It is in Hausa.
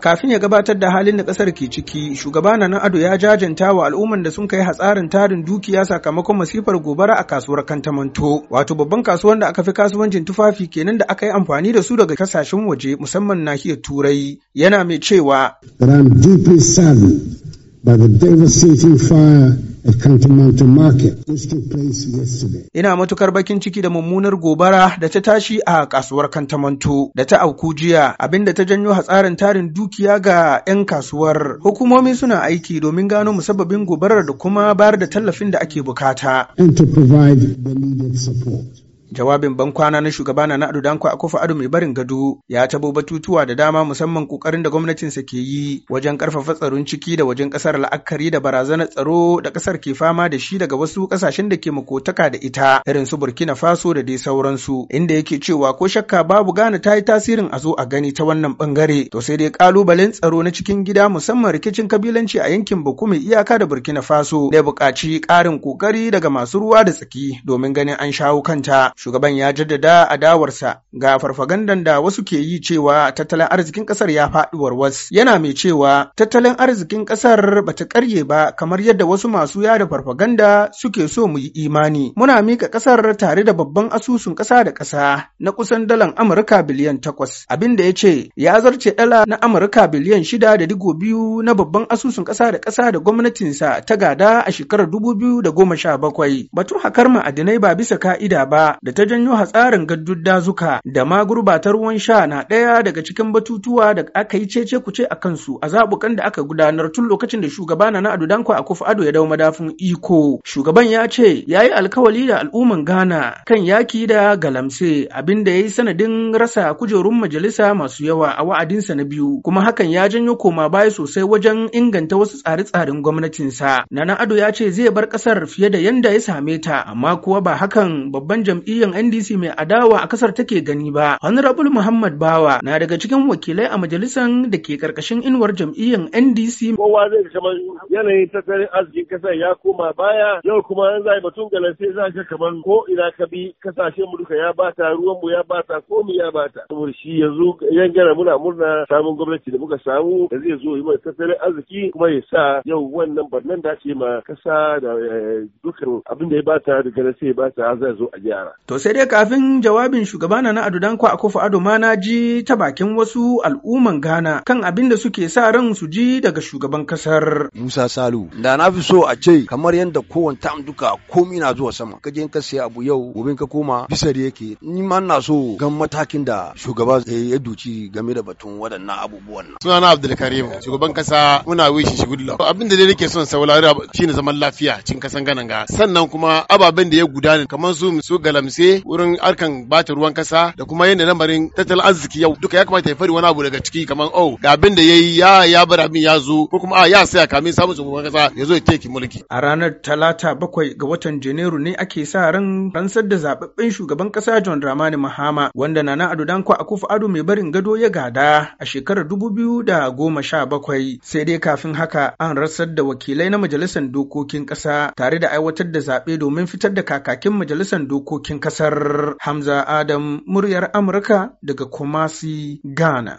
kafin ya gabatar da halin da kasar ke ciki shugaba na ado ya jajanta wa al'umman da sun kai hatsarin tarin dukiya sakamakon masifar gobara a kasuwar kantamanto wato babban kasuwar da aka fi kasuwancin tufafi kenan da aka yi amfani da su daga kasashen waje musamman nahiyar turai yana mai cewa by the devastating Ina matukar bakin ciki da mummunar gobara da ta tashi a kasuwar Kantamanto da ta auku jiya abinda ta janyo hatsarin tarin dukiya ga 'yan kasuwar. Hukumomi suna aiki domin gano musabbabin gobarar da kuma bayar da tallafin da ake bukata. And to provide Jawabin bankwana na shugaba na adu Danko kofa adu mai barin gado ya tabo batutuwa da dama musamman kokarin da gwamnatinsa ke yi wajen karfafa tsaron ciki da wajen kasar la'akari da barazanar tsaro da kasar ke fama da shi daga wasu kasashen da ke makotaka da ita irin su Burkina Faso da dai sauransu inda yake cewa ko shakka babu Ghana ta yi tasirin a zo a gani ta wannan bangare to sai dai kalubalen tsaro na cikin gida musamman rikicin kabilanci a yankin mai iyaka da Burkina Faso da buƙaci ƙarin kokari daga masu ruwa da tsaki domin ganin an shawo kanta Shugaban ya jaddada adawarsa ga farfagandan da wasu ke yi cewa tattalin arzikin ƙasar ya faɗi warwas. Yana mai cewa tattalin arzikin ƙasar bata karye ba kamar yadda wasu masu yada farfaganda suke so mu yi imani. Muna mika ƙasar tare da babban asusun ƙasa da ƙasa na kusan dalan Amurka biliyan takwas. Abin da ya ce ya zarce dala na Amurka biliyan shida da digo biyu na babban asusun ƙasa da ƙasa da gwamnatinsa ta gada a shekarar dubu biyu da goma sha bakwai. Batun hakar ma'adinai ba bisa ka'ida ba da da ta janyo hatsarin gaddun dazuka da ma gurbatar ruwan sha na ɗaya daga cikin batutuwa da aka yi cece kuce a kansu a zabukan da aka gudanar tun lokacin da shugaba na na Ado a Akufo Ado ya dawo madafin iko. Shugaban ya ce ya yi alkawali da al'umman Ghana kan yaki da galamse abinda ya yi sanadin rasa kujerun majalisa masu yawa a wa'adinsa na biyu kuma hakan ya janyo koma baya sosai wajen inganta wasu tsare-tsaren gwamnatinsa. Nana Ado ya ce zai bar ƙasar fiye da yanda ya same ta amma kuwa ba hakan babban jam'iyyar jam'iyyar NDC mai adawa a kasar take gani ba. Honorable Muhammad Bawa na daga cikin wakilai a majalisar da ke karkashin inuwar jam'iyyar NDC. Kowa zai kamar yanayin tattalin arzikin kasar ya koma baya yau kuma an zai batun galan sai za ka kamar ko ina ka bi kasashen mu duka ya bata ruwan mu ya bata komi ya bata. Saboda shi yanzu yan gara muna murna samun gwamnati da muka samu da zai zo yi mana tattalin arziki kuma ya sa yau wannan barnan da ce ma kasa da eh, dukkan abin da ya bata da galan sai ya bata za zo a gyara. To sai dai kafin jawabin shugaba na Ado Danko kofa Ado ma na ji ta bakin wasu al'umman Ghana kan abin da suke sa ran su ji daga shugaban kasar. Musa Salu da na fi so a ce kamar yadda kowane ta duka komi na zuwa sama ka je ka siya abu yau gobe ka koma bisa da yake ni ma na so gan matakin da shugaba ya duci game da batun waɗannan abubuwan nan. Sunana Abdulkarim shugaban kasa muna wishi shi luck. Abin da dai nake son saurari shine zaman lafiya cin kasan ganan ga sannan kuma ababen da ya gudana kamar su su galamsi sosai wurin harkan bata ruwan kasa da kuma yadda lamarin tattalin arziki yau duka ya kamata ya fari wani abu daga ciki kamar oh ga abin da yayi ya ya bar abin ya zo ko kuma a ya saya kamin samun shugaban kasa ya zo ya teki mulki. A ranar talata bakwai ga watan Janairu ne ake sa ran ransar da zababben shugaban kasa John Ramani Mahama wanda Nana Ado Danko kufa Ado mai barin gado ya gada a shekarar dubu biyu da goma sha bakwai sai dai kafin haka an rasar da wakilai na majalisar dokokin kasa tare da aiwatar da zaɓe domin fitar da kakakin majalisar dokokin Kasar Hamza Adam muryar Amurka daga Kumasi, Ghana.